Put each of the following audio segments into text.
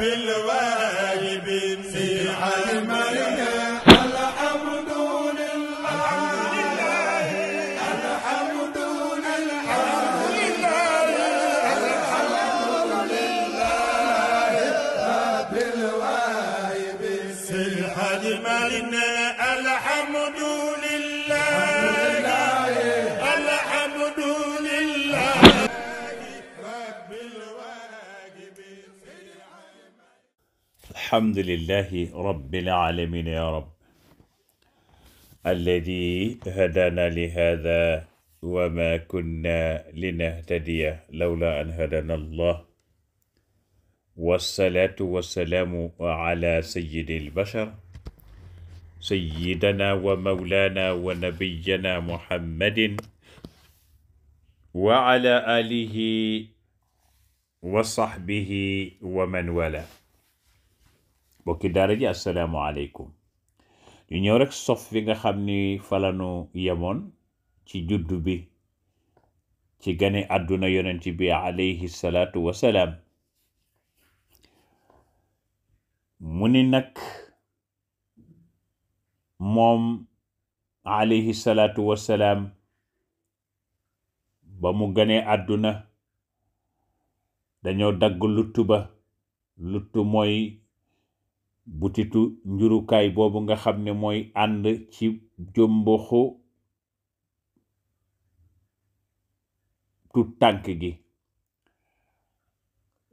bil alhamdulillahi rabbil alamin ya rab alladi hadana li hada wa ma kunna linahtadiya lawla an hadana allah wasalaatu wasalaamu ala sayyidi albashar sayyidana wa mawlana wa nabiyana muhammadin wa ala alihi wa sahbihi wa man wala bokki daara ji asalaamaaleykum yu ñëw rekk sof fi nga xam ni falanu yemoon ci juddu bi ci gane àdduna yonent bi alayhi salaatu mu ni nag moom alayhi salaatu wasalaam ba mu ganee àdduna dañoo dagg lutt ba lutt mooy butitu njurukaay boobu nga xam ne mooy ànd ci jomboxu tu tànk gi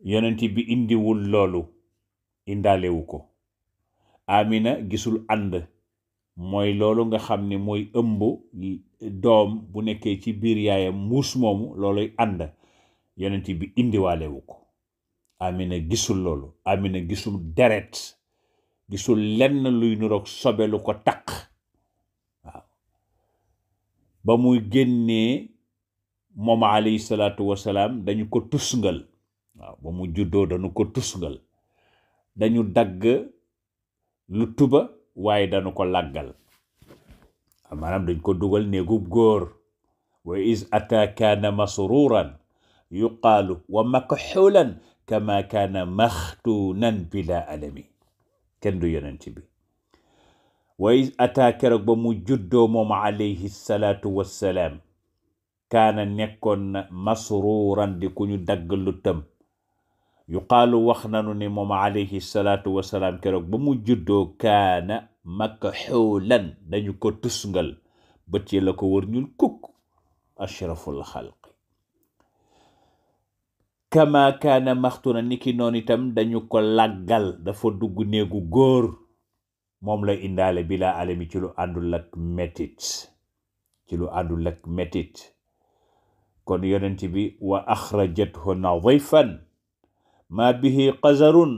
yonent bi indiwul loolu indaalewu ko amina gisul ànd mooy loolu nga xam ni mooy ëmb doom bu nekkee ci biir yaayam muus moomu looluy ànd yonent bi indiwaalewu ko amina gisul loolu amina gisul deret su lenn luy nuroog sobe lu ko taq ba muy génnee moom alayhi salaatu wasalaam dañu ko tusngal waaw ba mu juddoo dañu ko tusngal dañu dagg lu tuba waaye dañu ko làggal maanaam dañ ko dugal néegub góor wa is ata kaana masruuran yuqaalu wa makxulan kama kaana maxtuunan bila alami kenn du yonent bi wa is ataa keroog ba mu juddoo moom alayhi salaatu wassalaam kaana nekkoon na masruuran di ku ñu dagg lu tëm yuqaalu wax nanu ne moom alayhi salaatu wassalaam keroog ba mu juddoo kaana makxuulan dañu ko tusngal bët yi la ko wër ñul kukk ashraful xalq kama kaana maxtuna niki noonu itam dañu ko làggal dafa dugg néegu góor moom la indaale bila alami ci lu àndul ak metit ci lu àndul ak metit kon yonent bi wa axrajathu nadifan ma bihi qazarun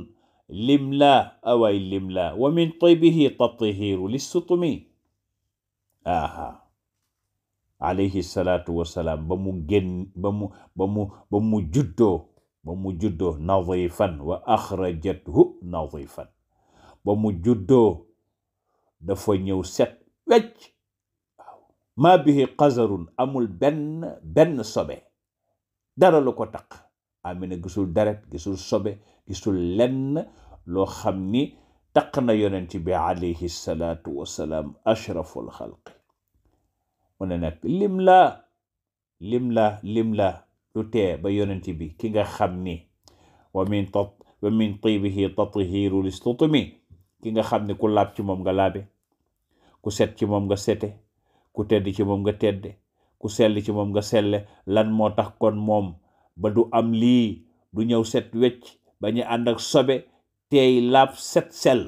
limla awaay limla wa min tibihi tatihiru lissutumi aha alayhi salaatu wasalaam ba mu génn ba mu ba mu ba mu juddoo ba mu juddoo nadifan wa axrajathu juddoo dafa ñëw set wecc maa bihi qazarun amul benn sobe dara lu ko taq amina gisul deret gisul sobe gisul lenn loo xam ni taq na yonent bi alayhi salaatu wasalaam ashraful xalqi mu ne nag lim la lim la lim la lu ba yonent bi ki nga xam ni wa min tat wa tibihi tathiru listutumi ki nga xam ni ku laab ci moom nga laabe ku set ci moom nga sete ku tedd ci moom nga tedde ku sell ci moom nga selle lan moo tax kon moom ba du am lii du ñëw set wecc ba ñu ànd ak sobe tey laab set sell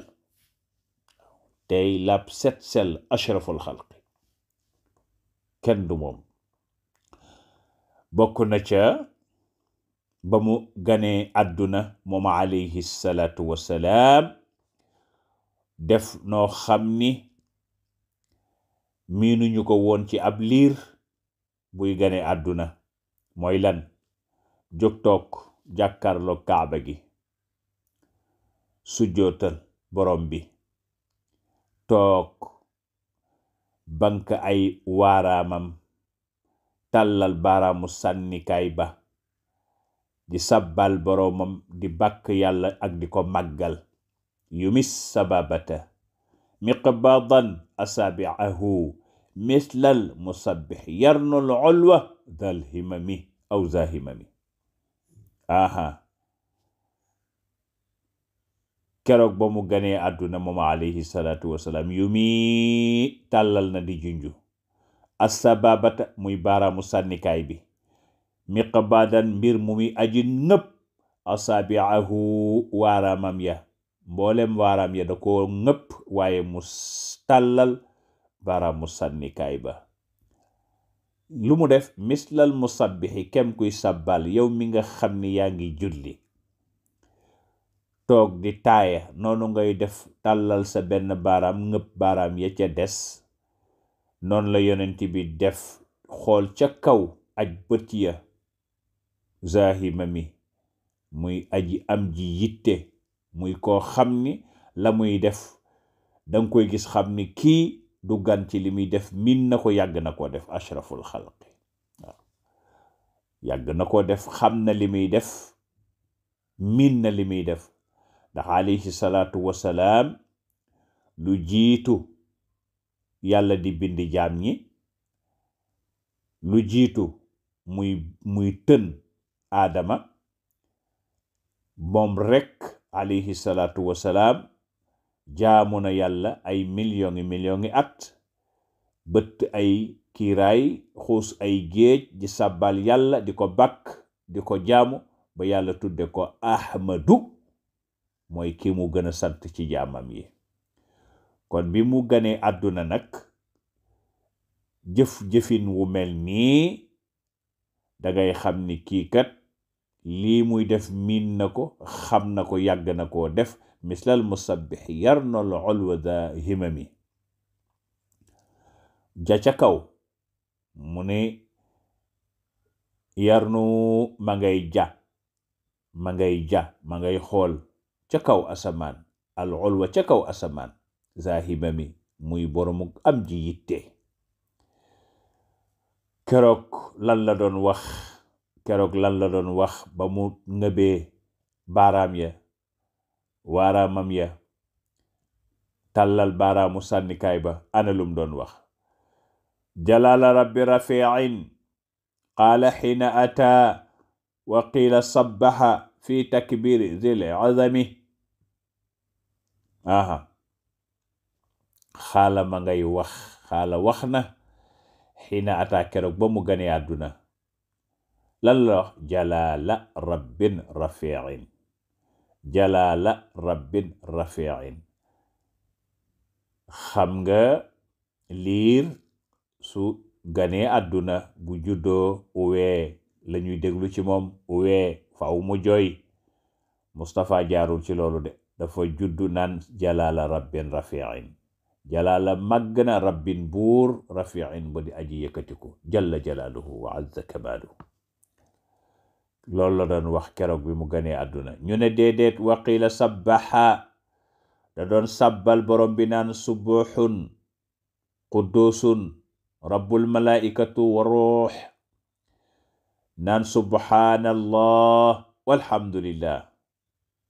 tey laab set sell ashraful xalq kenn du moom bokk na ca ba mu ganee àdduna moom alayhi salaatu wassalaam def noo xam ni miinuñu ko woon ci ab liir buy gane àdduna mooy lan jóg toog kaaba gi sujjootal borom bi toog bank ay waaraamam tàllal baaraamu sànnikaay ba di sabbal boroomam di bàkk yàlla ak di ko màggal yumis sababata miqbadan asaabiahu mislal musabbix yarnul olwa dal himami aw za himami aha keroog ba mu ganee àdduna moom alayhi salaatu wasalaam yu mi tàllal na di junju assababata muy baaraamu sànnikaay bi miqbaadan mbir mu muy aji nëpp asaabiahu waaraamam ya mboolem waaraam ya da ko nëpp waaye mu tàllal baaraamu sànnikaay ba lu mu def mislal musabbixi kem kuy sabbal yow mi nga xam ni yaa ngi julli toog di taaya noonu ngay def tàllal sa benn baaraam ngëb baaraam ya ca des noonu la yonent bi def xool ca kaw aj bët ya zaahima mi muy aji am ji yitte muy koo xam ni la muy def danga koy gis xam ni kii du gan ci li muy def min na ko yàgg na ko def ashraful na ko def xam na li muy def min na li muy def ndax alayhi salaatu lu jiitu yàlla di bind jaam ñi lu jiitu muy muy tën aadama moom rekk alayhi salaatu wasalaam na yàlla ay millions yi millions yi at bëtt ay kiiraay xuus ay géej di sabal yàlla di ko bakk di ko jaamu ba yàlla tudde ko ahmadu mooy kii mu gën a sant ci jaamam yi kon bi mu ganee àdduna nag jëf-jëfin wu mel nii dangay xam ni kii kat lii muy def miin na ko xam na ko yàgg na koo def mislal musabbix yar na la da himami ja ca kaw mu ne yarnu ma ngay ja ma ngay ja ma ngay xool ca kaw asamaan al ulwa ca kaw asamaan zaahiba mi muy boroomu am ji yitte keroog lan la doon wax keroog lan la doon wax ba mu ngëbee baaraam ya waaraamam ya tàllal baaraamu sànnikaay ba ana lum doon wax jalaala rabbi rafiin qaala xiina ataa wa qiila sabbaxa fi takbiri zil azami aha xaala ma ngay wax xaala wax na xiina ataa keroog ba mu gane àdduna lan la wax rabbin rafiin jalaala rabbin rafiin xam nga liir su ganee àdduna bu juddoo uwee lañuy déglu ci moom uwee faw mu jooy Mustapha jaarul ci loolu de dafa juddu naan jalaala rabbin rafiin jalaala màgg rabbin buur rafiin ba di aji yëkkatiku jalla jalaaluhu loolu la doon wax keroog bi mu ganee àdduna ñu ne déedéet waqiila sabbaxa da doon sabbal borom bi naan subuxun quddusun rabbul malaikatu wa ruux naan subhanallah walhamdulillah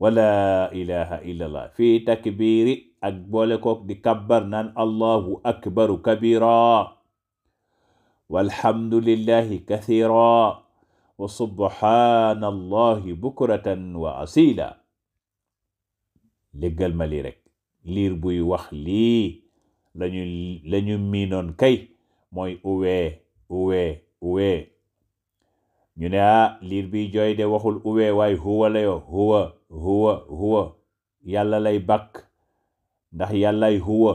wala ilaha illallah fii takbiri ak boole kook di kabbar naan allahu akbaru kabira walhamdulillahi kathira wa subhanallahi bukratan wa asila léggal ma lii rek liir buy wax lii lañu lañu miinoon kay mooy uwee uwee uwee ñu ne ah liir biy jooy de waxul uwee waay huwa la huwa huwa huwa yàlla lay bàkk ndax yàllay huwa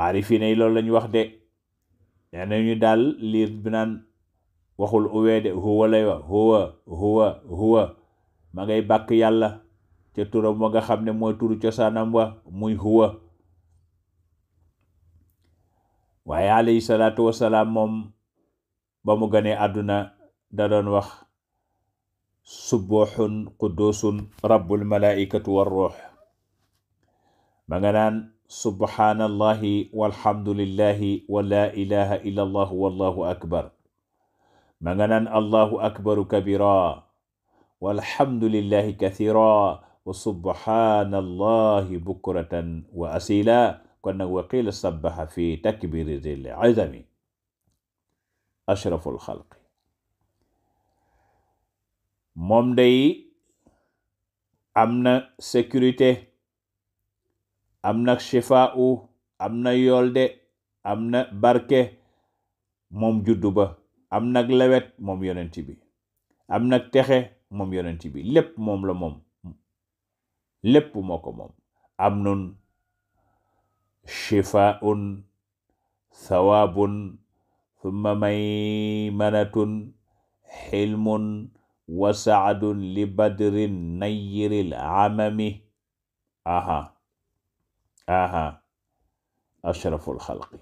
aarifiin yi loolu lañ wax de nee nañu daal liir bi naan waxul uwee de huwa lay huwa huwa huwa ma ngay bàkk yàlla ca turam ma nga xam ne mooy turu cosaanam wa muy huwa waaye alayhi salaatu wasalaam moom ba mu ganee àdduna da doon wax subuuxun qudduusun rabbul malaaikatu war ruux ma nga naan subhaanallahi walhamdulillahi wa laa ilaha illa allah wallahu akbar ma nga naan allahu akbaru kabira walhamdulillahi kathira wa subhaanallahi bukratan wa asila kon nag wa qila sabaxa fi takbiri zil azami ashraful xalqi moom day am na sécurité am na shifaa'u am na yolde am na barke moom juddu ba am na lewet moom yonent bi am na texe moom yonent bi lépp moom la moom lépp moo ko moom am nun shifaa'un thawaabun thumma maymanatun xilmun wa saadun li badrin nayiril amami aha aha ashraful xalqi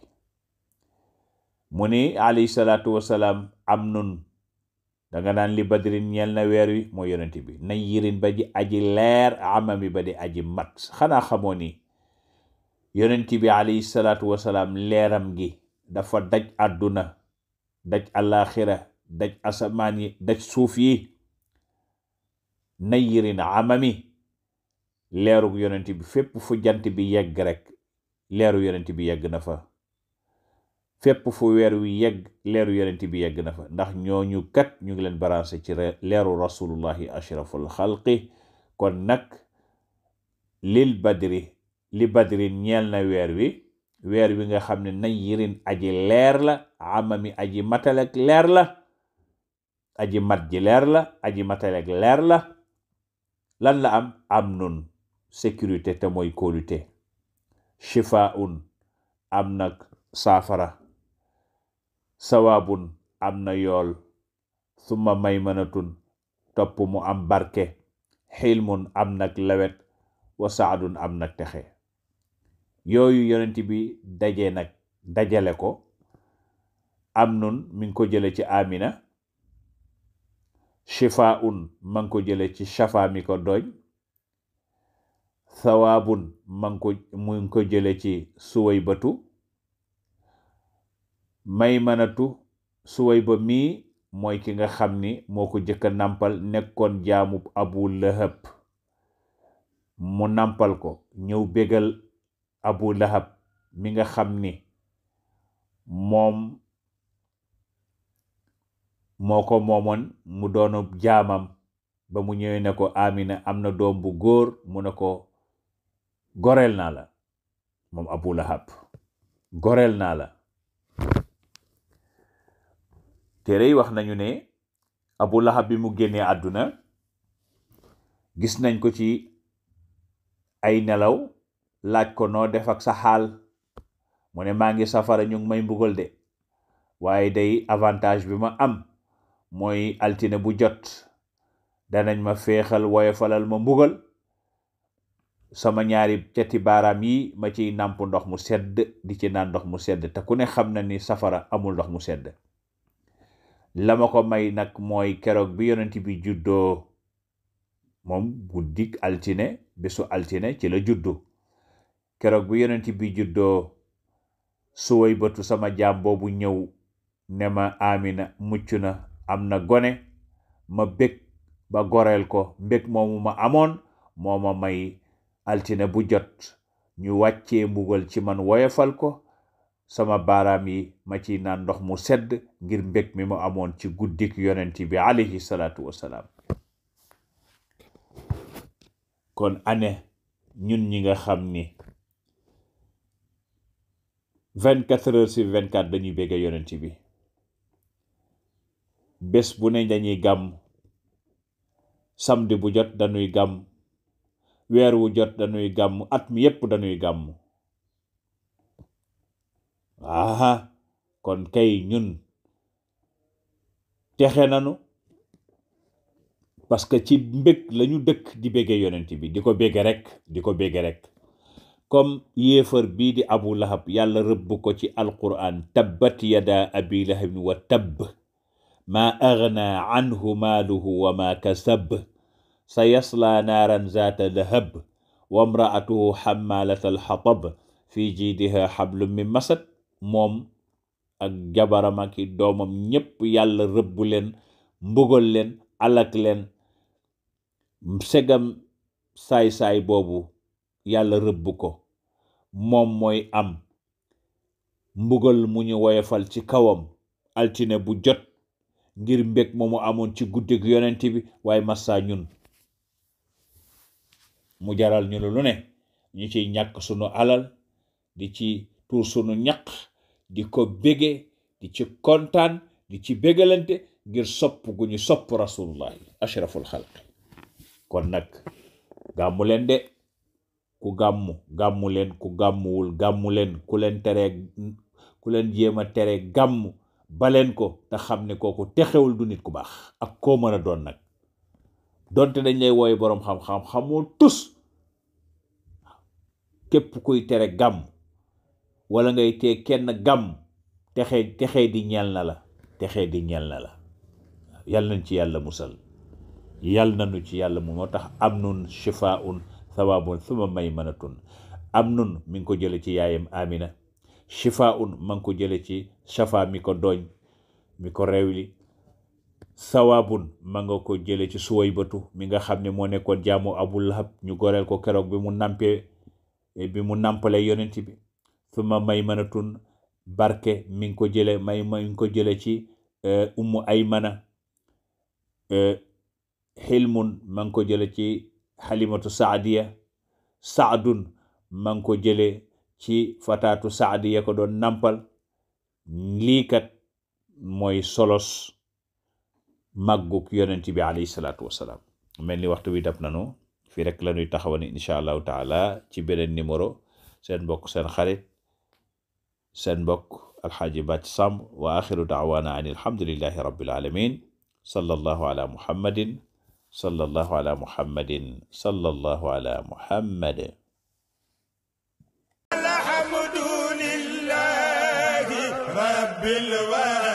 mu ni alayhi salaatu naan li badrin ñel na weer wi bi na yirin aji leer amami ba aji mat xanaa xamoo ni bi alayhi leeram gi dafa daj àdduna daj alaaxira daj asamaan yi daj suuf yi nayirin amami leerug yonent bi fépp fu jant bi yegg rek leeru yonent bi yegg na fa fépp fu weer wi yegg leeru yonent bi yegg na fa ndax ñooñu kat ñu ngi leen barancé ci leeru rasulullahi ashraful xalqi kon nag lil badri li badri ñeel na weer wi weer wi nga xam ne nañ yirin aji leer la amami aji matalek leer la aji mat ji leer la aji matalek leer la lan la am am nun sécurité te mooy kóolute shifaun am na saafara sawaabun am na yool summa maymanatun topp mu am barke xilmun am nag lawet wa saadun am nag texe yooyu yonent bi daje nag dajale ko am nun mi ko jële ci amina shifa un ma ko jële ci shafa mi ko dooñ sawaabun ma ko mu ngi ko jële ci suwaybatu maymanatu suwayba mii mooy ki nga xam ni moo ko jëkka nàmpal nekkoon jaamu abu lahab mu nàmpal ko ñëw bégal abu laxab mi nga xam ni moom moo ko moomoon mu doonu jaamam ba mu ñëwee ne ko amina am na doom bu góor mu ne ko goreel naa la moom abu lahab goreel naa la téere yi wax nañu ne abu lahab bi mu génnee àdduna gis nañ ko ci ay nelaw laaj ko noo def ak sa xaal mu ne maa ngi safara ñu ngi may mbugal de waaye dey avantage bi ma am mooy altine bu jot danañ ma féexal woyofalal ma mbugal sama ñaari ceti baaraam yi ma ciy nàmp ndox mu sedd di ci naan ndox mu sedd te ku ne xam na ni safara amul ndox mu sedd lama ko may nag mooy keroog bi yonent bi juddoo moom guddik altine bésu altine ci la juddu keroog bu yonent bi juddoo suway batu sama jaam boobu ñëw ne ma amina mucc na am na gone ma bég ba goreel ko mbég moomu ma amoon moo may altine bu jot ñu wàccee mbugal ci man woyofal ko sama baaraam yi ma ci naan ndox mu sedd ngir mbég mi mu amoon ci guddik yonent bi alayhi salaatu wasalaam kon ane ñun ñi nga xam ni vingt 24 heures sur 24 dañuy béggee yonent bi bés bu ne dañuy gàmm samedi bu jot dañuy gàmm weer wu jot dañuy gàmm at mi yépp dañuy gàmm aha kon kay ñun texe nanu parce que ci mbég lañu dëkk di béggee yonent bi di ko béggee rek di ko béggee rek comme yéefar bii di abu lahab yàlla rëbb ko ci alquran tabbat yada abi lahabin wa tabb maa agna anhu maaluhu wa maa kasab sa yaslaa naaran zaata lahab wa mraatuhu xammalata alxatab fi jiidiha xablum min masad moom ak jabaram ak i doomam ñépp yàlla rëbb leen mbugal leen alak leen segam saay-saay boobu yàlla rëbb ko moom mooy am mbugal mu ñu woyofal ci kawam altine bu jot ngir mbég mu amoon ci guddig yonent bi waaye massa ñun mu jaral ñu lu ne ñu ciy ñàkk sunu alal di ci tuur sunu ñakk di ko bége di ci kontaan di ci bégalante ngir sopp gu ñu sopp rasulullahi ashraful xalqi kon nag gàmmu leen de ku gàmmu gàmmuleen leen ku gàmmuwul gàmmu leen ku leen teree ku leen jéem a tere gàmmu leen ko te xam ne kooku texewul du nit ku baax ak koo mën a doon nag donte dañ lay wooye boroom xam-xam xamoo tus képp kuy tere gàmm wala ngay tee kenn gàmm texe texe di ñeel na la texe di ñel na la yàlla nañ ci yàlla musal yàlla nañu ci yàlla mu moo tax am nun shifaun sawaabun suma maymanatun amnun mi ngi ko jële ci yaayam amina shifaun ma ngi ko jële ci shafa mi ko dooñ mi ko rewli sawaabun ma ko jële ci suwaybatu mi nga xam ne moo nekkoon jaamu abu lahab ñu goreel ko keroog bi mu nampee bi mu nampale yonent bi suma maymanatun barke mi ngi ko jële may mi ngi ko jële ci ummu ay mana ma ngi ko jële ci eh, xalimatu saadiya saadun man ko jële ci fataatu saadiya ko doon nampal liikat mooy solos màggug yonent bi alayhi salaatu wasalaam mel ni waxtu wi dab nanu fii rek la ñuy taxawani incha allahu taala ci beneen numéro sen mbokk seen xarit seen mbokk alxaaji bàcc sàmb wa axiru daawaana an alhamdulillahi rabbil alamin sallallahu ala sallallahu ala muhammadin sallallahu ala muhammad alhamdulillahi rabbil